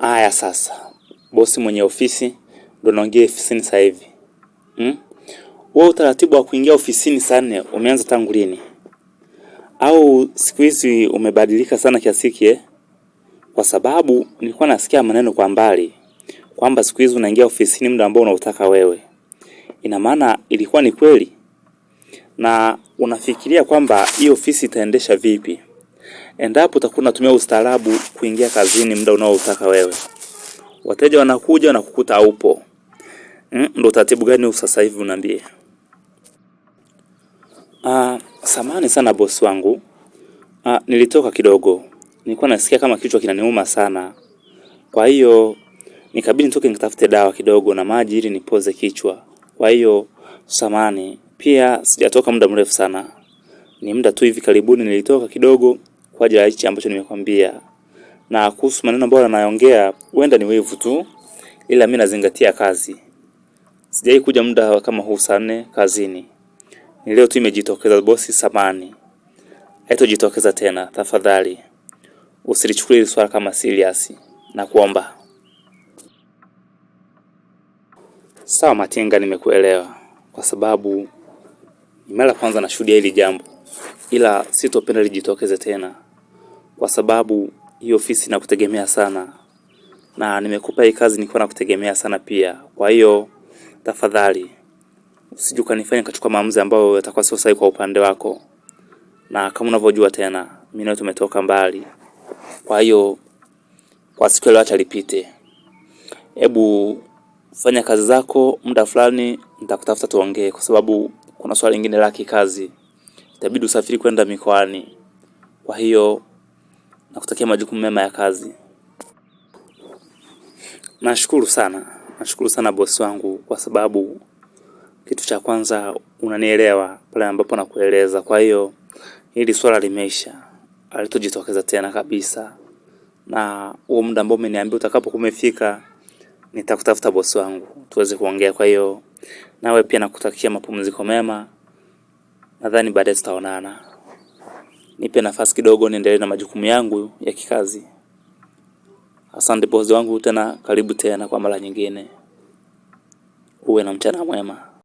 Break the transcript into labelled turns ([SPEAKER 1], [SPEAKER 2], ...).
[SPEAKER 1] Aya, sasa bosi mwenye ofisi ndo naongea ofisini sasa hivi hmm? Wewe utaratibu wa kuingia ofisini saa nne umeanza tangu lini? Au siku hizi umebadilika sana kiasi hiki? Eh? Kwa sababu nilikuwa nasikia maneno kwa mbali kwamba siku hizi unaingia ofisini muda ambao unautaka wewe. Ina maana ilikuwa ni kweli? Na unafikiria kwamba hii ofisi itaendesha vipi? endapo utakuwa unatumia ustaarabu kuingia kazini muda unaotaka wewe. Wateja wanakuja na kukuta upo. Mm, ndo utaratibu gani sasa hivi unaambie?
[SPEAKER 2] Ah, samani sana bosi wangu. Ah, nilitoka kidogo. Nilikuwa nasikia kama kichwa kinaniuma sana. Kwa hiyo nikabidi nitoke nikatafute dawa kidogo na maji ili nipoze kichwa. Kwa hiyo samani, pia sijatoka muda mrefu sana. Ni muda tu hivi karibuni nilitoka kidogo kwa ajili ya hichi ambacho nimekwambia. Na kuhusu maneno ambayo anayongea, huenda ni wevu tu, ila mimi nazingatia kazi. Sijai kuja muda kama huu saa nne kazini, ni leo tu imejitokeza. Bosi, samani, haitojitokeza tena. Tafadhali usilichukulie hili swala kama serious na kuomba.
[SPEAKER 1] Sawa Matinga, nimekuelewa kwa sababu ni mara kwanza nashuhudia hili jambo, ila sitopenda lijitokeze tena kwa sababu hii ofisi inakutegemea sana na nimekupa hii kazi nikiwa nakutegemea sana pia. Kwa hiyo tafadhali usije ukanifanya kachukua maamuzi ambayo yatakuwa sio sahihi kwa upande wako, na kama unavyojua tena mimi na tumetoka mbali. Kwa hiyo kwa siku leo acha lipite, hebu fanya kazi zako, muda fulani nitakutafuta tuongee, kwa sababu kuna swali lingine la kikazi itabidi usafiri kwenda mikoani. Kwa hiyo na kutakia majukumu mema ya kazi.
[SPEAKER 2] Nashukuru sana, nashukuru sana bosi wangu, kwa sababu kitu cha kwanza unanielewa pale ambapo nakueleza. Kwa hiyo hili swala limeisha, alitojitokeza tena kabisa, na huo muda ambao umeniambia utakapo kumefika nitakutafuta bosi wangu tuweze kuongea. Kwa hiyo nawe pia nakutakia mapumziko mema, nadhani baadaye tutaonana nipe nafasi kidogo niendelee na majukumu yangu ya kikazi. Asante bosi wangu, tena karibu tena kwa mara nyingine. Uwe na mchana mwema.